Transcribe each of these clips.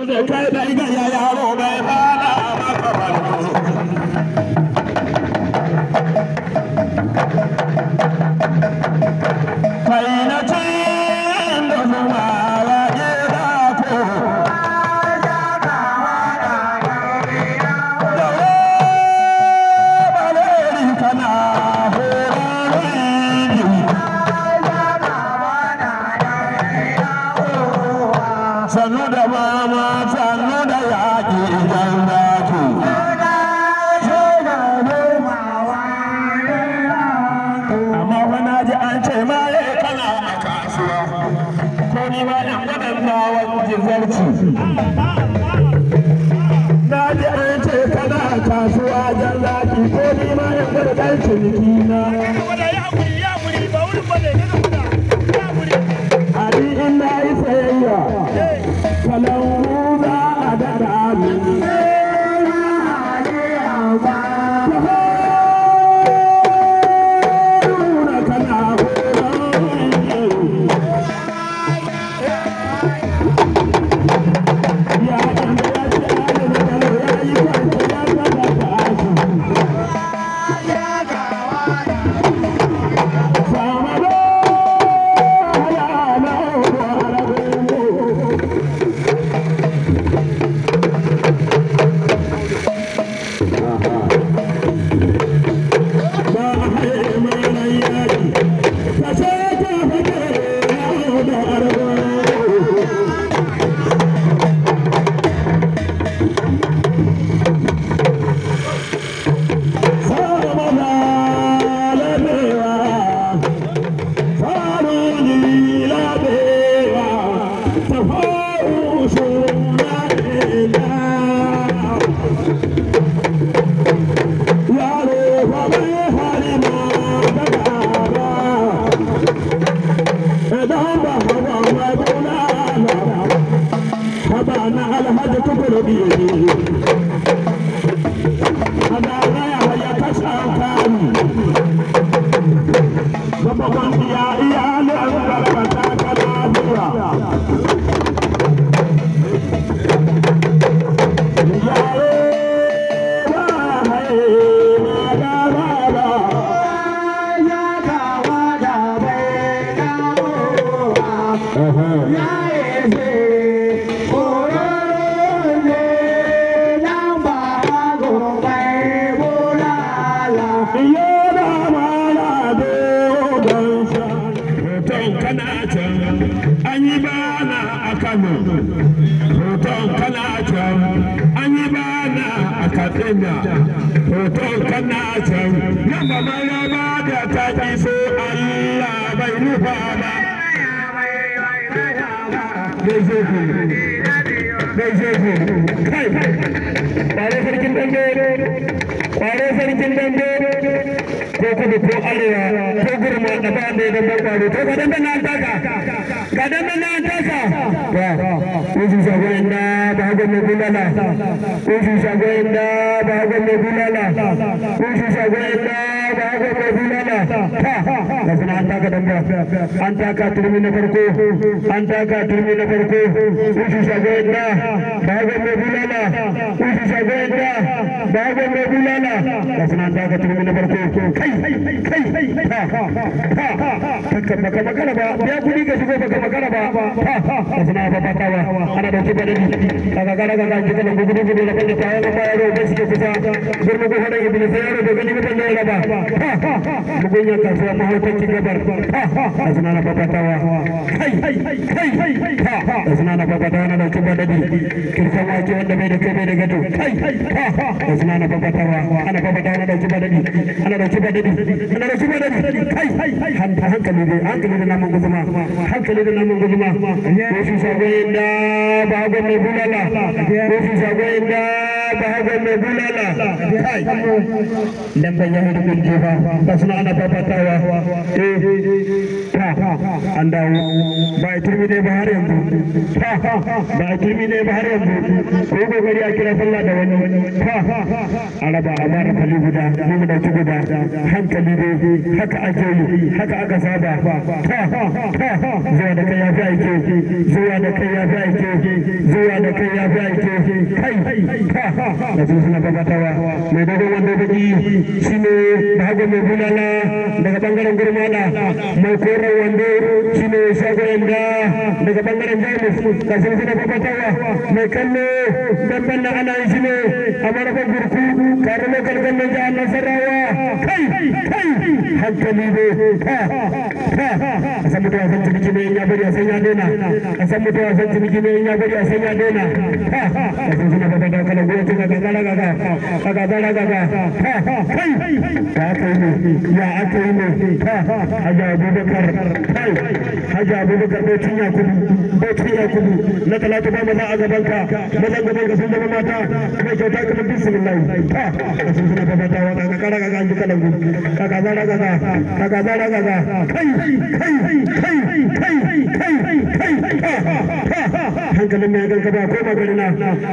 我再唱一个呀呀，我们班呐。sannu da mama sannu da yaƙi idan za ki amma fa na ji an ce ma ya kana a kasuwa ko ni ma in waɗanda wani zarci Papa Wanti Yahia. ko kudu ko arewa ko gurma da ba mai ba ba ba an an an ba bagon mai bulala ga suna dakatar wani farko kai kai ta kakka baka magana ba ya ana da kanta ta gani mutan ne raba mugun ya kasuwa mahautan ki wake wanda bai da kuma ana babbatarwa ana babbata ana dauki badadi ana dauki badadi ana dauki badadi kai hankali dai hankali da namun guzuma hankali da namun guzuma ko su sagoyin da ba hagon mai bulala ko su sagoyin da ba ba suna ana ta ba a ne ba ba ne ba ko a kira sallah da wani araba ba a mara fali guda mu dauki guda hankali dai haka ake yi haka aka saba zuwa da kai ya fi aike zuwa da kai ya fi aike zuwa da kai ya fi aike kai da su suna gabatawa mai dogon wanda baki shine bago mai bulala daga bangaren gurmana mai koren wando shine shagoyin da daga bangaren jamus da su suna gabatawa mai kallo dan balla ana yi shine a marafan كارما كالكم نجا الله سراوا كاي كاي حق ليبو كا كا أسمت واسن تبجي مينيا بري أسيا دينا أسمت واسن تبجي مينيا بري أسيا دينا كا أسمت سنا بابا دا كلا غوتي كا كا كا كا كا كا كا كا كاي كاكيني يا أكيني كا حاجة أبو بكر كاي حاجة أبو بكر بوتيا كبو بوتيا كبو نتلا تبا مذا أجبانك مذا أجبانك سندما ماتا كما جوتاك من بسم الله kai kai kai kai kai kai hankalin mai gargaba ko magarina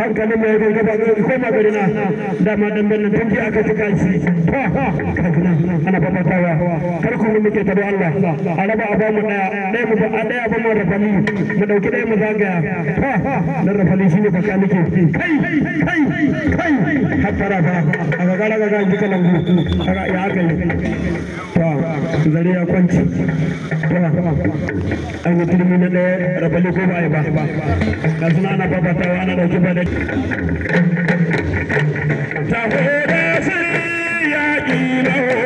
hankalin mai gargaba ko magarina dama dan bannan tun ji aka tuka shi ana babatawa karkon mu muke tabo Allah araba aba mu daya dai mu ba daya ba mu rafali mu dauki dai mu zagaya dan rafali shine baka nake kai kai kai hatara ba aga gara gara ji kalan ku aga ya aka to zare ya kwanci to an yi turmi rabali bai ba ba ga na ana babatawa ana dauki ba ta hore sai ya ƙi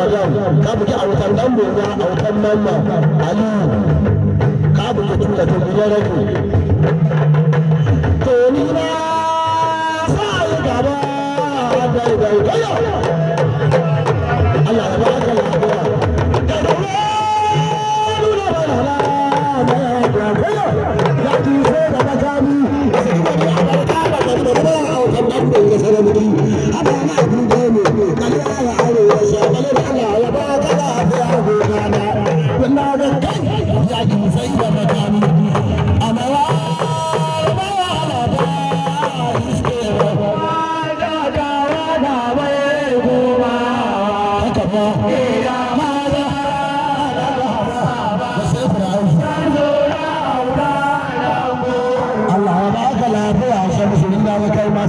maryam ka buki autan dan bonga autan mamma ali ka buki tuta to gidan rafi to ni na sai gaba dai dai Allah ya da ya ti da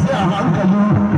sai a hankali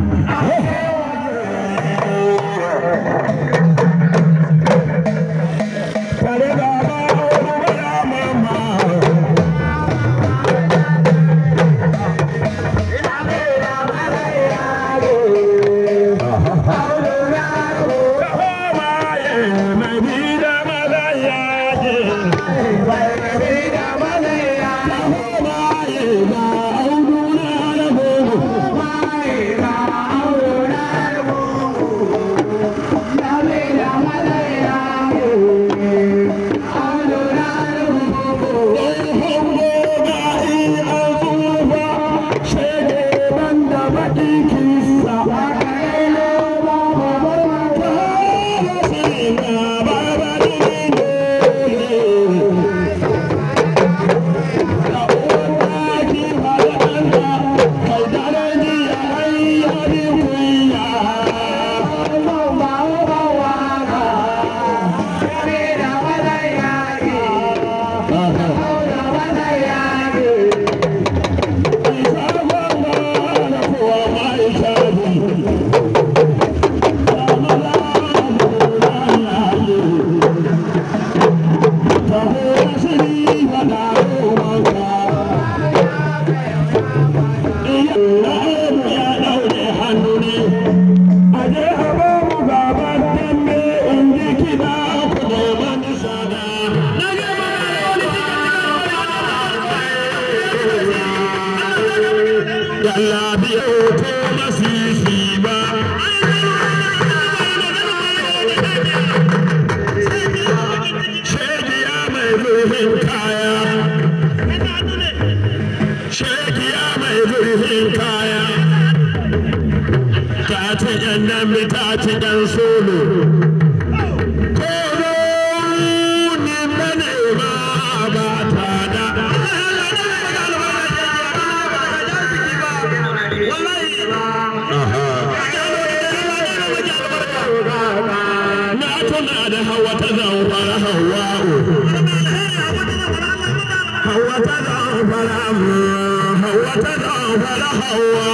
تدعو فلما هو تدعو فلهو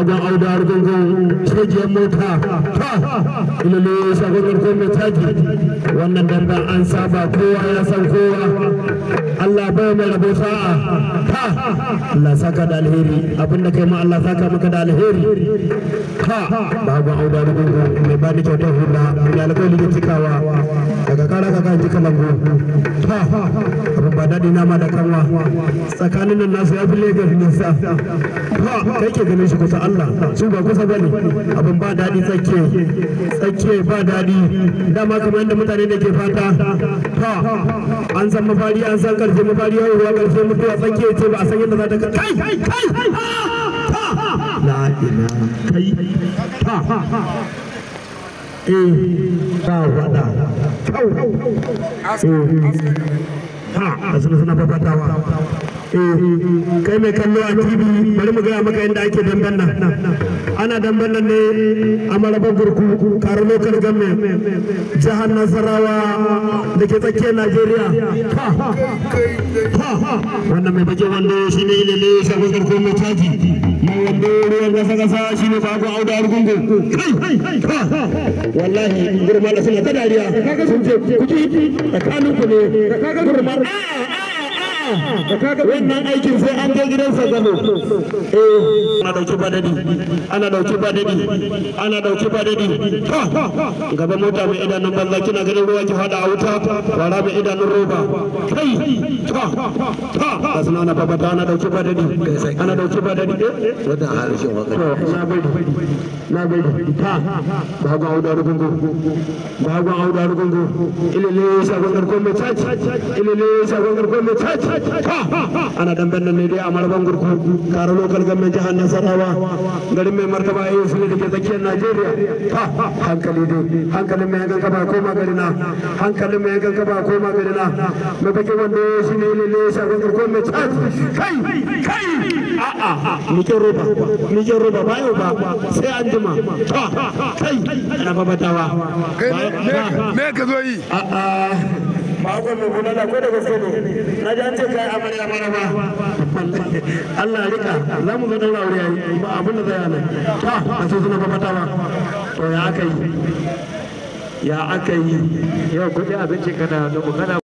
ada auda argungun mota wannan damba an saba kowa ya san kowa Allah bai mai rabo sa'a Allah saka da alheri abinda kai ma Allah saka maka da alheri ha babu ba ni kyautar hula ya alƙawari da cikawa daga kara ka kan jika lambu ha abin ba da kanwa tsakanin nan nasu ya fi legas ha kai ke ganin shi kusa Allah su ba kusa bane abin ba daɗi tsakke tsakke ba daɗi dama kamar yadda mutane da ke fata ta an san mafari an san karfe mafari yau ruwa karfe mutuwa tsakke ce ba a san yadda za ta kai kai kai la ina kai ta eh ba wada kau eh ha suna suna babatawa kai mai kallo a tv bari mu gaya maka yadda ake damben nan ana damben nan ne a marabar gurku karo local government jihar nasarawa da ke tsakiyar najeriya wannan mai bage wando shi ne ilele shafi gurku mai caji mai wando ruwan gasa gasa shi ne bago auda argungu wallahi gurma da suna ta dariya sun ce kuki tsakaninku ne gurma ah! wannan aikin sai an je gidansa gano eh ana dauki badadi ana dauki badadi ana dauki badadi gaba mota mai idanun banza kina ganin ruwa ki fada a wuta wara mai idanun roba kai ta ta na babata ana dauki badadi ana dauki badadi eh, eh. wata harshen na bai na bai ta ba ga auda ba ga auda ilele mai caci ilele mai caci ana damben nan ne dai a marban gurku karo local government jihar nasarawa garin mai martaba a yau da ke tsakiyar najeriya hankali dai hankalin mai yankan kafa ko gari na hankalin mai yankan kafa ko gari na mai bakin wando shi ne ne lele shagon gurku mai cat kai kai a'a mikin roba mikin roba ba yau ba sai an jima kai ana babatawa kai me ka zo yi a'a ba ko mai bulala ko da gaske ne na ji an ce kai amarya mara ba Allah rika za mu zo daura wuri yayi ba abin da zai nan ta a so suna fafata ba to ya aka yi ya aka yi yau kudi abinci kana da magana